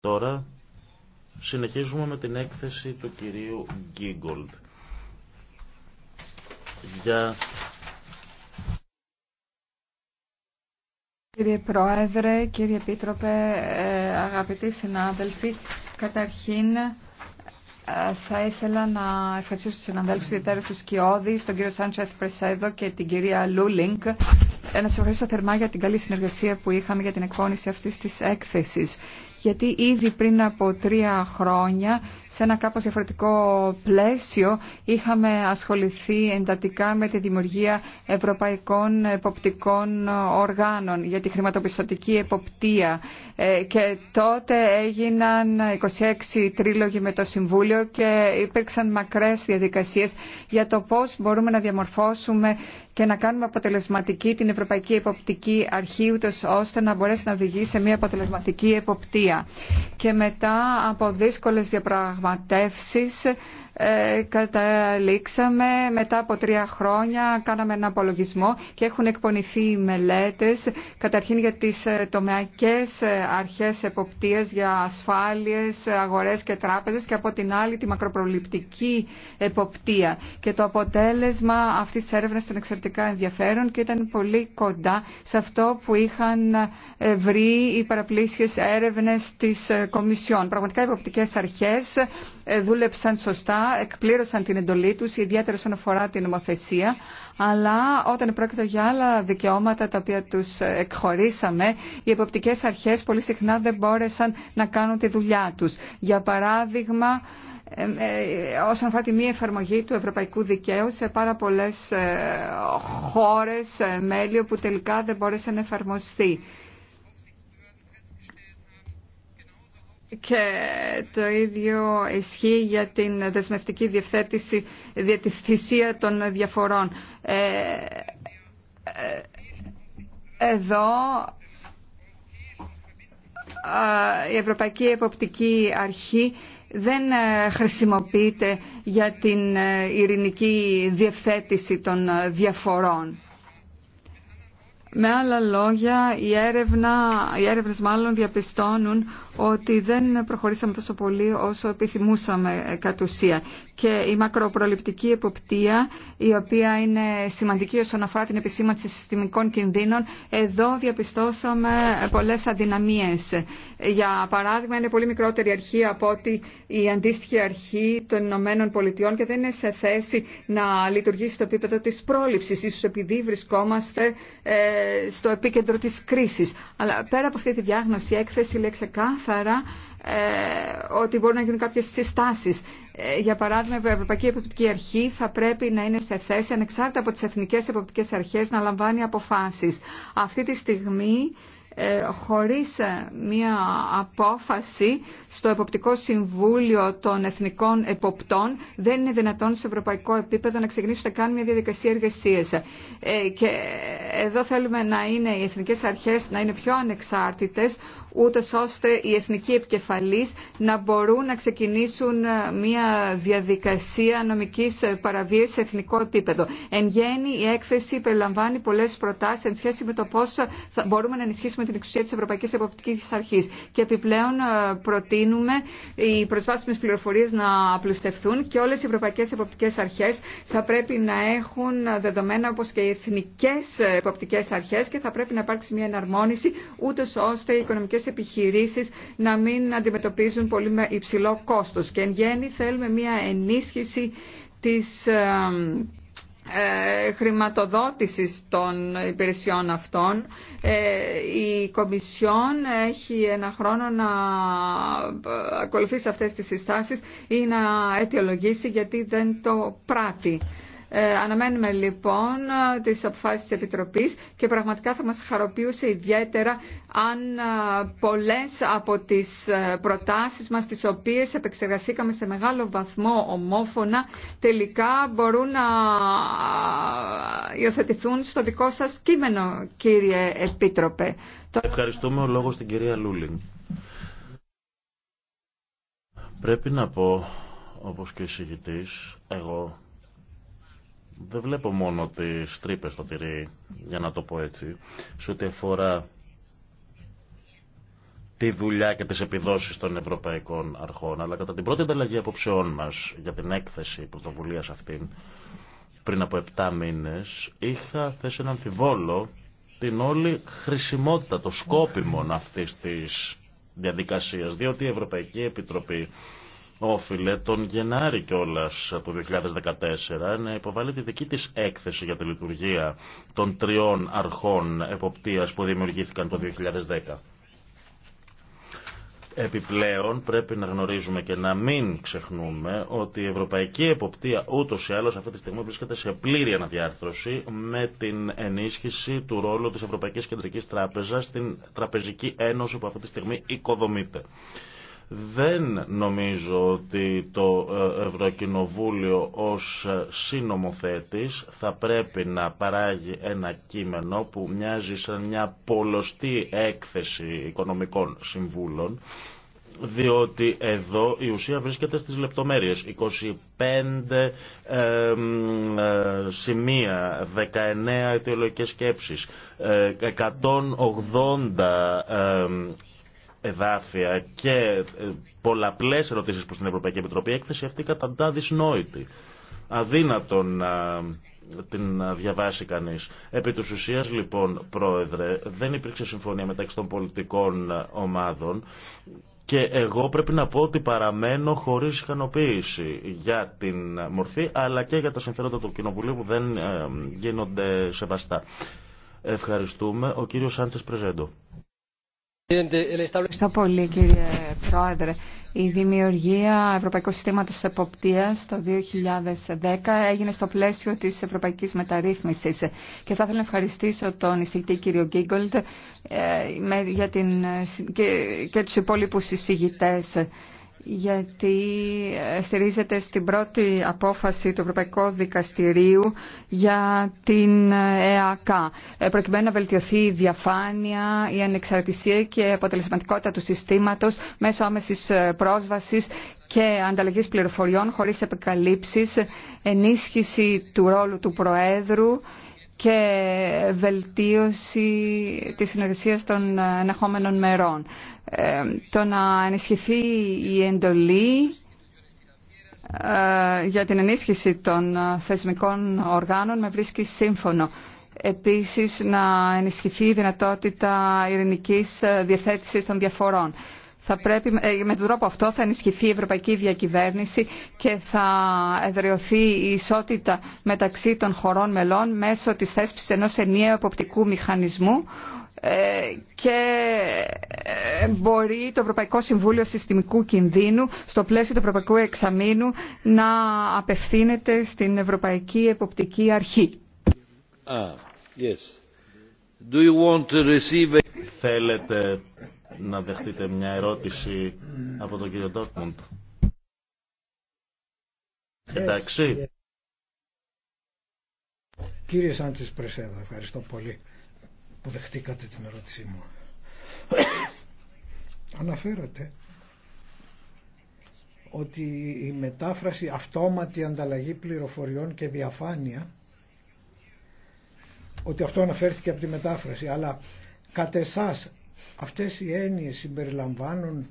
Τώρα συνεχίζουμε με την έκθεση του κυρίου Γκίγκολτ για Κύριε Πρόεδρε, κύριε Επίτροπε, ε, αγαπητοί συνάδελφοι, καταρχήν ε, θα ήθελα να ευχαριστήσω τους συναδέλφους ιδιαίτερα του Σκιώδη, τον κύριο Σάντσεθ Πρεσέδο και την κυρία Λούλινγκ. Ε, να σας ευχαριστήσω θερμά για την καλή συνεργασία που είχαμε για την εκπόνηση αυτής της έκθεσης γιατί ήδη πριν από τρία χρόνια σε ένα κάπως διαφορετικό πλαίσιο είχαμε ασχοληθεί εντατικά με τη δημιουργία ευρωπαϊκών εποπτικών οργάνων για τη χρηματοπιστωτική εποπτεία ε, και τότε έγιναν 26 τρίλογοι με το Συμβούλιο και υπήρξαν μακρές διαδικασίες για το πώς μπορούμε να διαμορφώσουμε και να κάνουμε αποτελεσματική την Ευρωπαϊκή Εποπτική Αρχή ώστε να μπορέσει να οδηγεί σε μια αποτελεσματική εποπτεία. Και μετά από δύσκολες διαπραγματεύσεις ε, καταλήξαμε μετά από τρία χρόνια, κάναμε ένα απολογισμό και έχουν εκπονηθεί μελέτες καταρχήν για τις ε, τομεακές ε, αρχές εποπτείας για ασφάλειες, αγορές και τράπεζες και από την άλλη τη μακροπροληπτική εποπτεία. Και το αποτέλεσμα αυτής της έρευνας ήταν εξαιρετικά ενδιαφέρον και ήταν πολύ κοντά σε αυτό που είχαν ε, βρει οι παραπλήσιες έρευνες ευθύνες της ε, Κομισιόν. Πραγματικά οι υποπτικές αρχές ε, δούλεψαν σωστά, εκπλήρωσαν την εντολή τους, ιδιαίτερα όσον αφορά την νομοθεσία, αλλά όταν πρόκειται για άλλα δικαιώματα τα οποία τους ε, εκχωρήσαμε, οι υποπτικές αρχές πολύ συχνά δεν μπόρεσαν να κάνουν τη δουλειά τους. Για παράδειγμα, όσον αφορά τη μη εφαρμογή του ευρωπαϊκού δικαίου σε πάρα πολλές χώρες, μέλη, όπου τελικά δεν μπόρεσε να εφαρμοστεί. Και το ίδιο ισχύει για την δεσμευτική διευθέτηση, τη θυσία των διαφορών. Ε, ε, εδώ η Ευρωπαϊκή Εποπτική Αρχή δεν ε, χρησιμοποιείται για την ειρηνική διευθέτηση των διαφορών. Με άλλα λόγια, οι, έρευνα, οι έρευνες μάλλον διαπιστώνουν ότι δεν προχωρήσαμε τόσο πολύ όσο επιθυμούσαμε ε, κατ' ουσία. Και η μακροπροληπτική εποπτεία, η οποία είναι σημαντική όσον αφορά την επισήμανση συστημικών κινδύνων, εδώ διαπιστώσαμε ε, πολλές αδυναμίες. Για παράδειγμα, είναι πολύ μικρότερη αρχή από ότι η αντίστοιχη αρχή των Ηνωμένων Πολιτειών και δεν είναι σε θέση να λειτουργήσει στο επίπεδο της πρόληψης, ίσως επειδή βρισκόμαστε ε, στο επίκεντρο της κρίσης. Αλλά πέρα από αυτή τη διάγνωση, η έκθεση λέει ξεκάθαρα ε, ότι μπορούν να γίνουν κάποιες συστάσεις. Ε, για παράδειγμα, η Ευρωπαϊκή Εποπτική Αρχή θα πρέπει να είναι σε θέση, ανεξάρτητα από τις εθνικές εποπτικές αρχές, να λαμβάνει αποφάσεις. Αυτή τη στιγμή ε, χωρίς ε, μία απόφαση στο Εποπτικό Συμβούλιο των Εθνικών Εποπτών δεν είναι δυνατόν σε ευρωπαϊκό επίπεδο να ξεκινήσουν να κανουν μια διαδικασία εργασίας. Ε, και εδώ θέλουμε να είναι οι εθνικές αρχές να είναι πιο ανεξάρτητες ουτε ώστε οι εθνικοί επικεφαλείς να μπορούν να ξεκινήσουν μια διαδικασία νομικής παραβίασης σε εθνικό επίπεδο. Εν γέννη η έκθεση περιλαμβάνει πολλές προτάσεις εν σχέση με το πώς θα μπορούμε να ενισχύσουμε την εξουσία τη Ευρωπαϊκή Εποπτική αρχή. Και επιπλέον ε, προτείνουμε οι προσβάσιμε πληροφορίε να απλουστευτούν και όλε οι Ευρωπαϊκές Εποπτικές Αρχές θα πρέπει να έχουν δεδομένα όπω και οι εθνικέ εποπτικές αρχέ και θα πρέπει να υπάρξει μια εναρμόνιση ούτω ώστε οι οικονομικέ επιχειρήσει να μην αντιμετωπίζουν πολύ με υψηλό κόστο. Και εν γέννη θέλουμε μια ενίσχυση της ε, ε, χρηματοδότησης των υπηρεσιών αυτών. Ε, η Κομισιόν έχει ένα χρόνο να ακολουθήσει αυτές τις συστάσεις ή να αιτιολογήσει γιατί δεν το πράττει. Ε, αναμένουμε λοιπόν ε, τις αποφάσεις της Επιτροπής και πραγματικά θα μας χαροποιούσε ιδιαίτερα αν ε, πολλές από τις προτάσεις μας τις οποίες επεξεργασήκαμε σε μεγάλο βαθμό ομόφωνα τελικά μπορούν να υιοθετηθούν στο δικό σας κείμενο κύριε Επίτροπε. Ευχαριστούμε ο λόγος στην κυρία Λούλιν. Πρέπει να πω, όπως και συγητής, εγώ δεν βλέπω μόνο τις τρύπες στο τυρί, για να το πω έτσι, σε ό,τι αφορά τη δουλειά και τις επιδόσεις των ευρωπαϊκών αρχών, αλλά κατά την πρώτη ανταλλαγή απόψεών μας για την έκθεση πρωτοβουλία αυτήν, πριν από 7 μήνες, είχα θέσει ένα αμφιβόλο την όλη χρησιμότητα, το σκόπιμον αυτής της διαδικασίας, διότι η Ευρωπαϊκή Επιτροπή όφιλε τον Γενάρη κιόλα του 2014 να υποβάλει τη δική της έκθεση για τη λειτουργία των τριών αρχών εποπτείας που δημιουργήθηκαν το 2010. Επιπλέον πρέπει να γνωρίζουμε και να μην ξεχνούμε ότι η Ευρωπαϊκή Εποπτεία ούτως ή άλλως αυτή τη στιγμή βρίσκεται σε πλήρη αναδιάρθρωση με την ενίσχυση του ρόλου της Ευρωπαϊκής Κεντρικής Τράπεζας στην Τραπεζική Ένωση που αυτή τη στιγμή οικοδομείται. Δεν νομίζω ότι το ε, Ευρωκοινοβούλιο ως ε, συνομοθέτης θα πρέπει να παράγει ένα κείμενο που μοιάζει σαν μια πολλωστή έκθεση οικονομικών συμβούλων διότι εδώ η ουσία βρίσκεται στις λεπτομέρειες. 25 ε, σημεία, 19 αιτιολογικές σκέψεις, 180 εδάφια και ε, πολλαπλέ ερωτήσει προς την Ευρωπαϊκή Επιτροπή, έκθεση αυτή καταντά δυσνόητη. Αδύνατο να την διαβάσει κανεί. Επί του ουσία, λοιπόν πρόεδρε δεν υπήρξε συμφωνία μεταξύ των πολιτικών ομάδων και εγώ πρέπει να πω ότι παραμένω χωρίς ικανοποίηση για την μορφή αλλά και για τα συμφέροντα του Κοινοβουλίου που δεν ε, γίνονται σεβαστά. Ευχαριστούμε. Ο κύριος Σάντσες Πρεζέντο. Ευχαριστώ πολύ κύριε Πρόεδρε. Η δημιουργία Ευρωπαϊκού Συστήματος Εποπτείας το 2010 έγινε στο πλαίσιο της Ευρωπαϊκής Μεταρρύθμισης και θα ήθελα να ευχαριστήσω τον εισηγητή κύριο Γκίγκολτ ε, και τους υπόλοιπους εισηγητές γιατί ε, στηρίζεται στην πρώτη απόφαση του Ευρωπαϊκού Δικαστηρίου για την ε, ΕΑΚ. Ε, προκειμένου να βελτιωθεί η διαφάνεια, η ανεξαρτησία και η αποτελεσματικότητα του συστήματος μέσω άμεσης πρόσβασης και ανταλλαγής πληροφοριών χωρίς επικαλύψεις, ενίσχυση του ρόλου του Προέδρου, και βελτίωση της συνεργασίας των ενεχόμενων μερών. Ε, το να ενισχυθεί η εντολή ε, για την ενίσχυση των θεσμικών οργάνων με βρίσκει σύμφωνο. Επίσης να ενισχυθεί η δυνατότητα ειρηνικής διαθέτησης των διαφορών. Θα πρέπει, ε, με τον τρόπο αυτό θα ενισχυθεί η ευρωπαϊκή διακυβέρνηση και θα εδραιωθεί η ισότητα μεταξύ των χωρών μελών μέσω της θέσπισης ενός ενιαίου εποπτικού μηχανισμού ε, και ε, μπορεί το Ευρωπαϊκό Συμβούλιο Συστημικού Κινδύνου στο πλαίσιο του Ευρωπαϊκού Εξαμήνου να απευθύνεται στην Ευρωπαϊκή Εποπτική Αρχή. Ah, yes. Do you want Θέλετε να δεχτείτε μια ερώτηση από τον κύριο Ντόρκμουντ. Εντάξει. Κύριε πρέσέδα Πρεσέδα, ευχαριστώ πολύ που δεχτήκατε την ερώτησή μου. Αναφέρατε ότι η μετάφραση αυτόματη ανταλλαγή πληροφοριών και διαφάνεια ότι αυτό αναφέρθηκε από τη μετάφραση αλλά κατ' εσάς Αυτές οι έννοιες συμπεριλαμβάνουν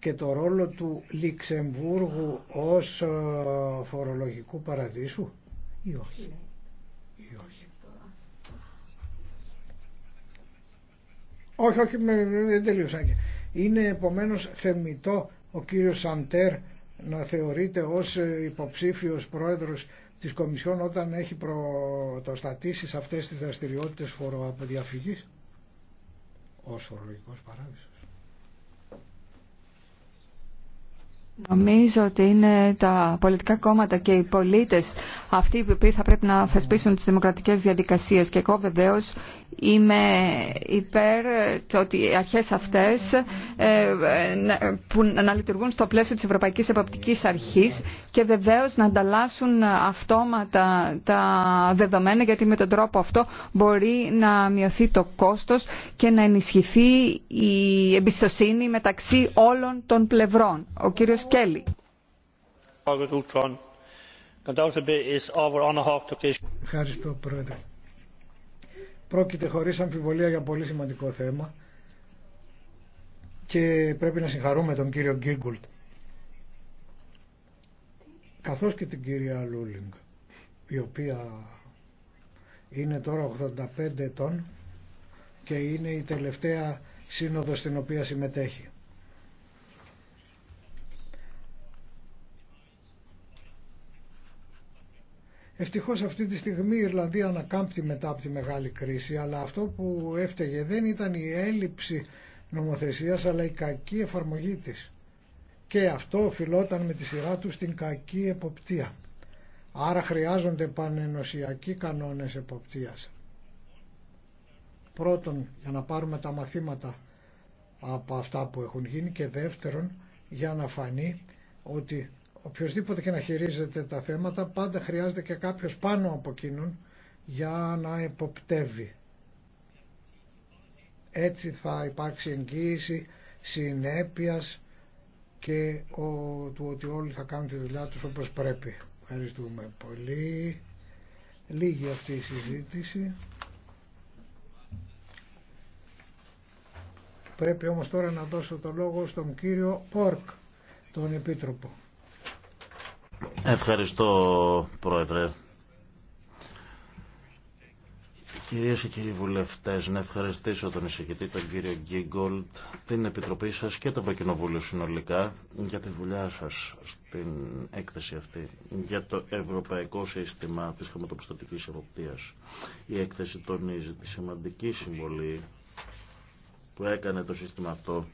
και το ρόλο του Λιξεμβούργου ως ε, φορολογικού παραδείσου ή όχι. Ναι. όχι. Όχι, δεν τελείωσα. Είναι επομένως θεμητό ο κύριος Σαντέρ να θεωρείται ως ε, υποψήφιος πρόεδρος της Κομισιόν όταν έχει το σε αυτές τις δραστηριότητες φοροαποδιαφυγής ως φορολογικός παράδεισος. Νομίζω ότι είναι τα πολιτικά κόμματα και οι πολίτες αυτοί που θα πρέπει να θεσπίσουν τις δημοκρατικές διαδικασίες και εγώ βεβαίω είμαι υπέρ του ότι οι αρχές αυτές ε, που να λειτουργούν στο πλαίσιο της Ευρωπαϊκής Εποπτικής Αρχής και βεβαίω να ανταλλάσσουν αυτόματα τα δεδομένα γιατί με τον τρόπο αυτό μπορεί να μειωθεί το κόστος και να ενισχυθεί η εμπιστοσύνη μεταξύ όλων των πλευρών. Ο κύριος Ευχαριστώ Πρόεδρε. Πρόκειται χωρίς αμφιβολία για πολύ σημαντικό θέμα και πρέπει να συγχαρούμε τον κύριο Γκίγκουλτ καθώς και την κυρία Λούλινγκ η οποία είναι τώρα 85 ετών και είναι η τελευταία σύνοδος στην οποία συμμετέχει. Ευτυχώ αυτή τη στιγμή η Ιρλανδία ανακάμπτει μετά από τη μεγάλη κρίση, αλλά αυτό που έφταιγε δεν ήταν η έλλειψη νομοθεσίας, αλλά η κακή εφαρμογή της. Και αυτό οφειλόταν με τη σειρά του στην κακή εποπτεία. Άρα χρειάζονται πανενωσιακοί κανόνες εποπτείας. Πρώτον, για να πάρουμε τα μαθήματα από αυτά που έχουν γίνει και δεύτερον, για να φανεί ότι οποιοδήποτε και να χειρίζεται τα θέματα πάντα χρειάζεται και κάποιος πάνω από εκείνον για να εποπτεύει. Έτσι θα υπάρξει εγγύηση συνέπειας και ο, του ότι όλοι θα κάνουν τη δουλειά τους όπως πρέπει. Ευχαριστούμε πολύ. Λίγη αυτή η συζήτηση. Πρέπει όμως τώρα να δώσω το λόγο στον κύριο Πόρκ, τον Επίτροπο. Ευχαριστώ, Πρόεδρε. Κυρίε και κύριοι βουλευτέ, να ευχαριστήσω τον εισηγητή, τον κύριο Γκίγκολτ, την Επιτροπή σα και το Ευρωκοινοβούλιο συνολικά για τη δουλειά σα στην έκθεση αυτή για το Ευρωπαϊκό Σύστημα τη Χρηματοπιστωτική Εποπτεία. Η έκθεση τονίζει τη σημαντική συμβολή που έκανε το σύστημα αυτό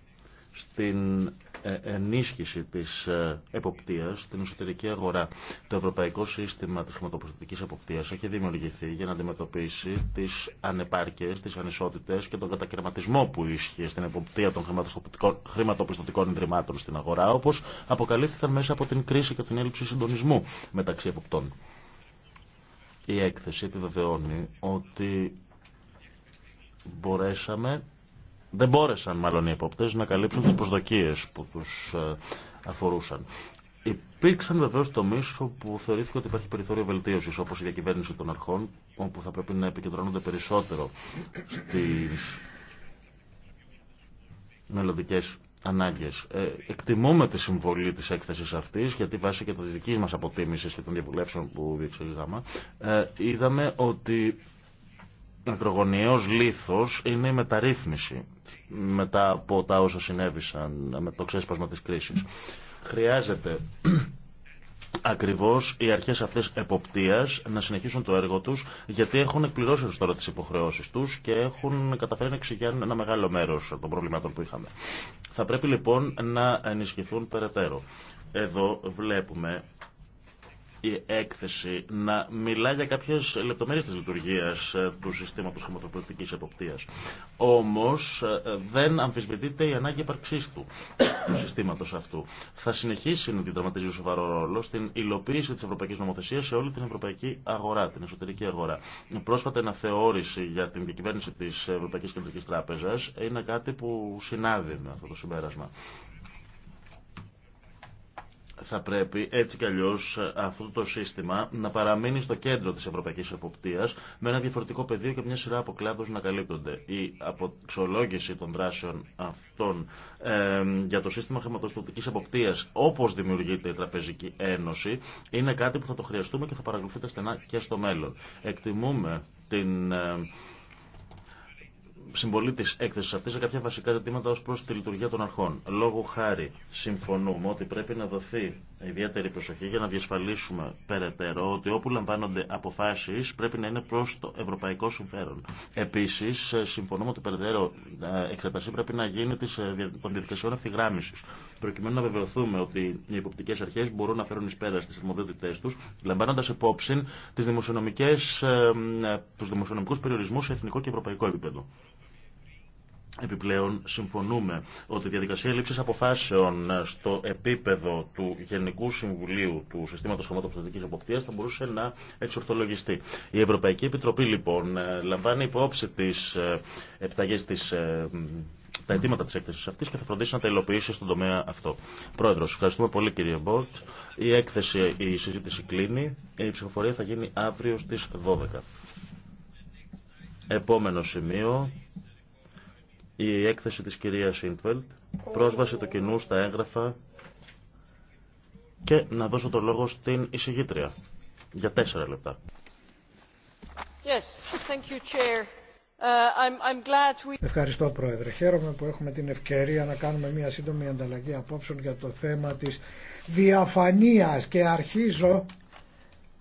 στην ε, ενίσχυση της ε, εποπτείας στην εσωτερική αγορά. Το ευρωπαϊκό σύστημα της χρηματοπιστωτικής εποπτείας έχει δημιουργηθεί για να αντιμετωπίσει τις ανεπάρκειες, τις ανισότητες και τον κατακαιρματισμό που ίσχυε στην εποπτεία των χρηματοπιστωτικών ιδρυμάτων στην αγορά, όπως αποκαλύφθηκαν μέσα από την κρίση και την έλλειψη συντονισμού μεταξύ εποπτών. Η έκθεση επιβεβαιώνει ότι μπορέσαμε δεν μπόρεσαν μάλλον οι εποπτές να καλύψουν τις προσδοκίες που τους ε, αφορούσαν. Υπήρξαν βεβαίως τομείς όπου θεωρήθηκε ότι υπάρχει περιθώριο βελτίωσης, όπως η διακυβέρνηση των αρχών, όπου θα πρέπει να επικεντρώνονται περισσότερο στι μελλοντικέ ανάγκε. Ε, εκτιμούμε τη συμβολή της έκθεσης αυτής, γιατί βάσει και τη δική μα αποτίμηση και των διαβουλεύσεων που διεξήγαμε, ε, είδαμε ότι ακρογωνιαίος λήθος είναι η μεταρρύθμιση μετά από τα όσα συνέβησαν με το ξέσπασμα της κρίσης. Χρειάζεται ακριβώς οι αρχές αυτές εποπτείας να συνεχίσουν το έργο τους γιατί έχουν εκπληρώσει τώρα τις υποχρεώσεις τους και έχουν καταφέρει να εξηγιάνουν ένα μεγάλο μέρος των προβλημάτων που είχαμε. Θα πρέπει λοιπόν να ενισχυθούν περαιτέρω. Εδώ βλέπουμε η έκθεση να μιλά για κάποιε λεπτομέρειε τη λειτουργία ε, του συστήματο χρηματοδοτική εποπτεία. Όμω ε, δεν αμφισβητείται η ανάγκη ύπαρξή του, του συστήματο αυτού. Θα συνεχίσει να διδραματίζει σοβαρό ρόλο στην υλοποίηση τη ευρωπαϊκή νομοθεσία σε όλη την ευρωπαϊκή αγορά, την εσωτερική αγορά. Πρόσφατα, πρόσφατη θεώρηση για την διακυβέρνηση τη Ευρωπαϊκή Κεντρική Τράπεζα είναι κάτι που συνάδει με αυτό το συμπέρασμα θα πρέπει έτσι κι αλλιώ ε, αυτό το σύστημα να παραμείνει στο κέντρο τη ευρωπαϊκή εποπτεία με ένα διαφορετικό πεδίο και μια σειρά από να καλύπτονται. Η αποξολόγηση των δράσεων αυτών για το σύστημα χρηματοδοτική εποπτεία όπω δημιουργείται η Τραπεζική Ένωση είναι κάτι που θα το χρειαστούμε και θα παρακολουθείτε στενά και στο μέλλον. Εκτιμούμε την συμπολίτη έκθεση αυτή σε κάποια βασικά ζητήματα ω προ τη λειτουργία των αρχών. Λόγω χάρη, συμφωνούμε ότι πρέπει να δοθεί ιδιαίτερη προσοχή για να διασφαλίσουμε περαιτέρω ότι όπου λαμβάνονται αποφάσει πρέπει να είναι προ το ευρωπαϊκό συμφέρον. Επίση, συμφωνούμε ότι περαιτέρω εξετασή πρέπει να γίνει ε, των διαδικασιών ευθυγράμμιση, προκειμένου να βεβαιωθούμε ότι οι υποπτικέ αρχέ μπορούν να φέρουν ει πέρα στι αρμοδιότητέ του, λαμβάνοντα υπόψη ε, ε, του δημοσιονομικού περιορισμού σε εθνικό και ευρωπαϊκό επίπεδο. Επιπλέον, συμφωνούμε ότι η διαδικασία λήψη αποφάσεων ε, στο επίπεδο του Γενικού Συμβουλίου του Συστήματο Χρηματοπιστωτική Αποκτήας θα μπορούσε να εξορθολογιστεί. Η Ευρωπαϊκή Επιτροπή, λοιπόν, ε, λαμβάνει υπόψη τι ε, επιταγέ της... τα αιτήματα τη έκθεση αυτή και θα φροντίσει να τα υλοποιήσει στον τομέα αυτό. Πρόεδρο, ευχαριστούμε πολύ κύριε Μπόρτ. Η έκθεση, η συζήτηση κλείνει. Η ψηφοφορία θα γίνει αύριο στι 12. Επόμενο σημείο η έκθεση της κυρίας Σίντβελτ, πρόσβαση του κοινού στα έγγραφα και να δώσω το λόγο στην εισηγήτρια για τέσσερα λεπτά. Uh, Ευχαριστώ Πρόεδρε. Χαίρομαι που έχουμε την ευκαιρία να κάνουμε μια σύντομη ανταλλαγή απόψεων για το θέμα της διαφανίας και αρχίζω